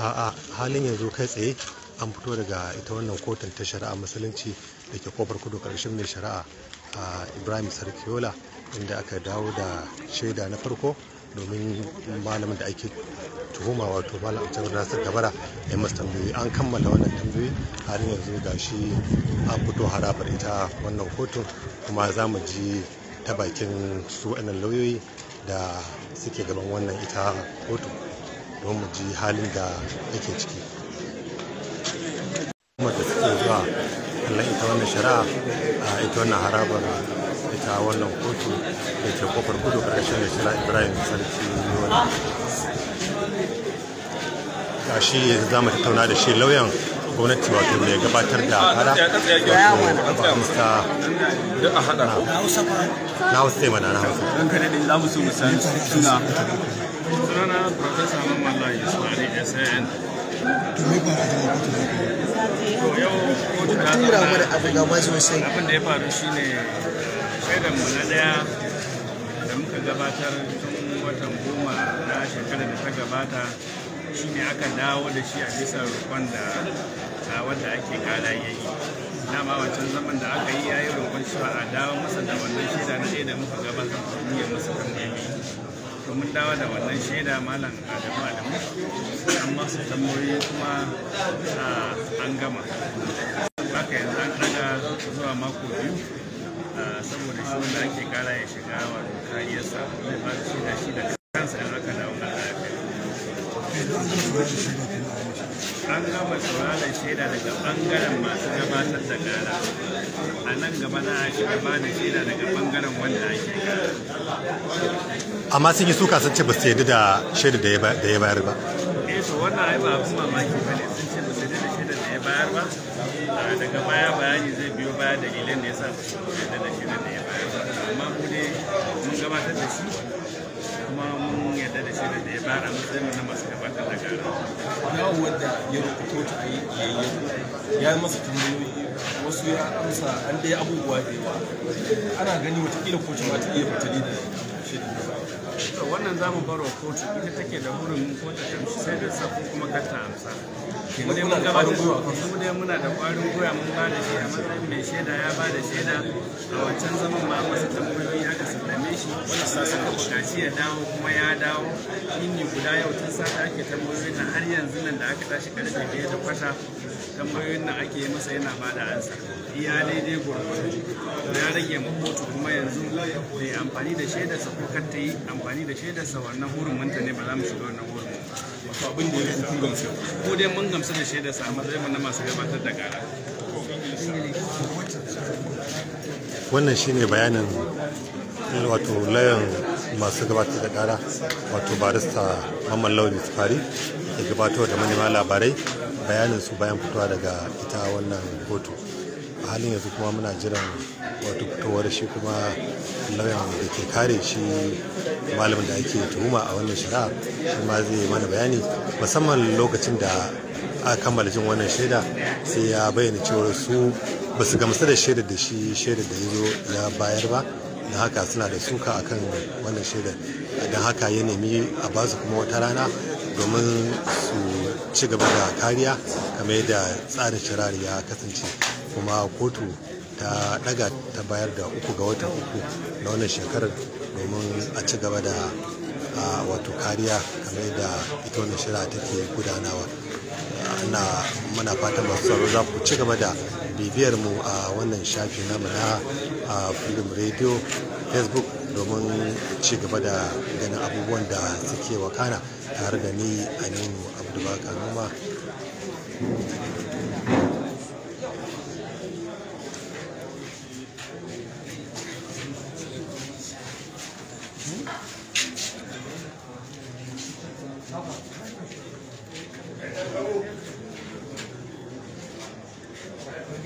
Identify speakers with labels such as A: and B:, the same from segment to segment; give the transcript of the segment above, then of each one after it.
A: a'a halin yanzu kai tsaye an fito daga ita wannan kotun ta shari'a musulunci da ke kofar kudu karshen mai shari'a a ibrahim sarkiola inda aka dawo da shaida na farko domin malamin da ake tuhuma wato malam abdul nasir gabara ya masu tambayoyi an kammala wannan tambayoyi har yanzu ga shi an fito harabar ita wannan kotun kuma za mu ji ta bakin su lauyoyi da suke gaban wannan ita kotun don mu ji halin da yake ciki kuma da suke zuwa kallon ita wannan shari'a a ita wannan harabar ita wannan kotu da ke kofar kudu karkashin da shari'a ibrahim sarki yola ga shi yanzu za mu tattauna da shi lauyan gwamnati wato mai gabatar da kara wato amsa.
B: na
A: hausa mana na hausa
C: samun wallahi ismail sn to to yau ta tura mu da abu gaba abin da ya faru shine shaidan mu na daya da muka gabatar tun watan goma na shekarar da ta gabata shine aka dawo da shi a bisa rukon da wanda ake kala yayi dama wancan zaman da aka yi yayi rukon shi a dawo masa da wannan shaida na ɗaya da muka gabatar domin ya masa tambayoyi to mun dawo da wannan shaida malam adamu adamu an masu tambayoyi kuma an gama haka yanzu an daga zuwa mako biyu saboda shi wanda ake kara ya shiga wa kariyarsa zai ba shi da shi da kansa in aka dawo na lafiya an gama sauraron shaida daga bangaren masu gabatar da kara a nan gaba na shiga gaba da shaida daga bangaren wanda ake kara
A: amma sun yi suka sun ce ba su yadda eh, da shaida da ya bayar ba
C: eh wannan ai ba abin mamaki bane sun ce ba su yadda da shaida da ya bayar ba daga baya bayani zai biyo baya da dalilan da ya sa ba su yadda da shaida da ya bayar ba amma mu dai mun gabatar da shi kuma mun yadda da shirin da ya bara matsayin na masu gabatar da gara
B: dawowar da ya rubuto ta yi yayi ya yi masa tambayoyi wasu ya amsa an dai abubuwa da yawa ana gani watakila kocin ma ta iya fitali da shirin
C: to wannan za mu baro kotu ita take da hurin kotu ta amsa sai da sako kuma kanta amsa mu dai mun muna da kwarin goya mun ba da shi a matsayin mai shaida ya ba da shaida a wancan zaman ma masa sa suka bukaci ya dawo kuma ya dawo yini guda yau tun sata ake tambayoyin nan har yanzu nan da aka tashi karfe biyu da kwata tambayoyin nan ake yi masa yana bada ansa iya daidai gwargwado ya rage ma kotu kuma yanzu da ya amfani da shaidarsa ko kar ta yi amfani da shaidarsa wannan hurumin munta ne ba za mu shiga wannan hurumin abin da ya fi gamsu ko dai mun gamsu da shaidarsa a matsayin mu na masu gabatar da gara
A: wannan shine bayanin wato layan masu gabatar da kara wato barista mamman launi tsari da gabatar da manema labarai bayanin su bayan fitowa daga ita wannan hoto. a halin yanzu kuma muna jiran wato fitowar shi kuma lauyan da ke kare shi malamin da ake tuhuma a wannan shari'a shi ma zai mana bayani musamman lokacin da a kammala jin wannan shaida sai ya bayyana cewa su ba su gamsu da shaidar da shi shaidar da ya zo ya bayar ba don haka suna da suka kan wannan shaidar don haka ya nemi a basu kuma wata rana domin su ci gaba da kariya kamar yadda tsarin shirari ya kasance kuma kotu ta daga ta bayar da uku ga watan uku na wannan shekarar domin a ci gaba da wato kariya game da ita wannan shirya take gudanawa ana muna fatan masu tsaro za ku ci gaba da bibiyar mu a wannan shafi namu a freedom radio facebook domin ci gaba da ganin abubuwan da suke wakana tare da ni aminu abdulbakar numa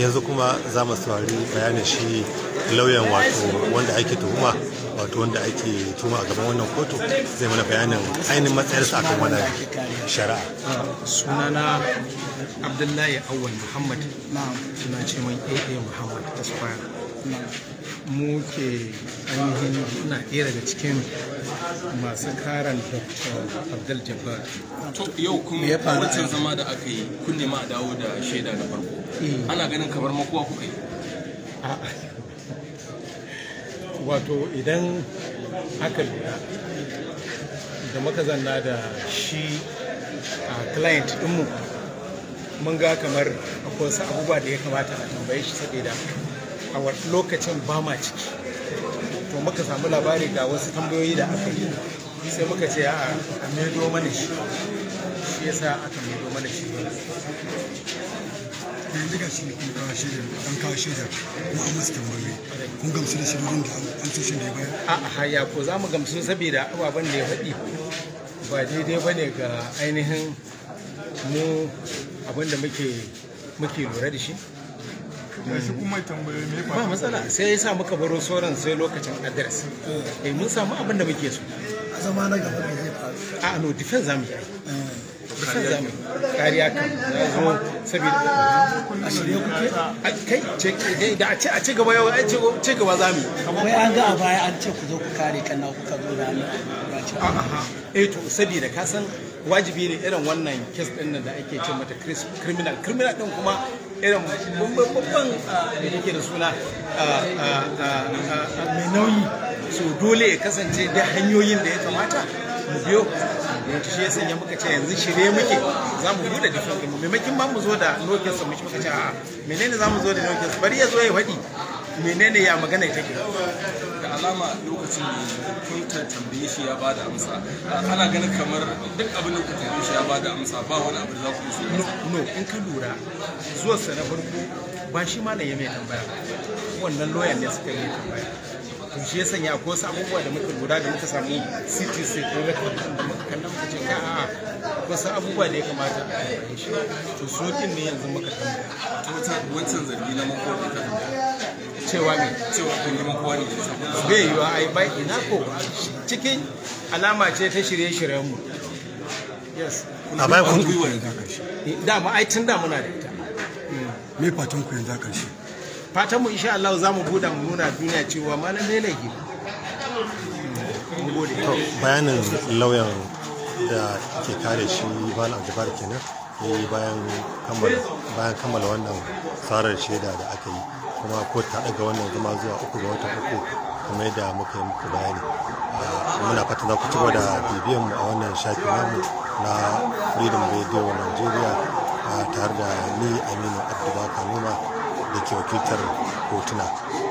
A: yanzu kuma za mu saurari bayanin shi lauyan wato wanda ake tuhuma wato wanda ake tuhuma a gaban wannan kotu zai mana bayanin ainihin matsayarsa akan wannan shari'a
B: sunana abdullahi awon muhammad suna ce mai aa muhammad tasfara mu ke ainihin na ɗaya daga cikin masu karan dr abdul jabbar to yau kun wancan zama da aka yi kun nema a dawo da shaida da farko eh. ana ganin kamar makuwa kuka yi wato idan aka lura da muka zanna da shi a client ɗinmu mun ga kamar akwai wasu abubuwa da ya kamata a tambaye shi saboda a lokacin ba ma ciki to muka samu labari ga wasu tambayoyi da aka yi sai muka ce a maido mana shi shi sa aka maido mana shi yanzu ga shi ne kun kawo shaidar an kawo shaidar kuma an masu tambayoyi kun gamsu da shirin da an ya bayar bayan a'a haya ko za mu gamsu saboda ababen da ya faɗi ba daidai ba ne ga ainihin mu abin da muke lura da shi gashi
C: kuma tambaye me ba matsala
B: sai yasa muka baro sauran sai lokacin address eh mun samu abin da muke so a zama na gaba da zai faru a no defense zamu yi defense zamu kariya kan ya zo saboda
C: a shirye kuke
B: a kai ce eh, da a ce a ce gaba yau a ce gaba zamu wai an ga a baya an ce ku zo ku kare kan na kuka zo da ni eh to saboda ka san wajibi ne irin wannan kes din da ake ce mata criminal criminal din kuma irin babban da yake ah, da suna ah, ah, mai nauyi so dole ya kasance da hanyoyin da ya kamata mu biyo yanzu shi ya sanya muka ce yanzu shirye muke za mu buɗe da mu maimakin ba mu zo da nokin sa mushi muka ce a menene za mu zo da nokin bari ya zo ya waɗi menene ya magana ya take alama lokacin da kun tambaye shi ya bada amsa ana ganin kamar duk abin da kun tambaye shi ya bada amsa ba wani abu da za ku yi no no in ka lura zuwa na farko ba shi ma ya mai tambaya wannan lawyer ne suka yi tambaya to shi ya sanya ko wasu abubuwa da muka guda da muka samu city sai ko da muka kallon muka ce a'a wasu abubuwa da ya kamata a yi shi to su din ne yanzu muka tambaya wancan zargi na makoki ka cewa ne cewa kun yi makowa ne bai yiwa ai bai ina ko cikin alama ce ta shirye-shiryen mu
A: yes a bai kun gwiwa ne
B: shi. Eh, da dama ai tun da muna da ita me fatan ku yanzu a shi. fatan mu insha Allah za mu buɗa mu nuna duniya cewa malam ne
A: to bayanin lauyan da ke kare shi malam jabar kenan eh, ya yi bayan kammala wannan tsarar shaida da aka yi kuma ko ta daga wannan zama zuwa uku ga watan uku kuma da muka yi muku bayani ah, muna fata za ku ci da bibiyan mu a wannan shafin namu na freedom radio nigeria ah,
C: tare da ni aminu Abdullahi noma da ke wakiltar hotuna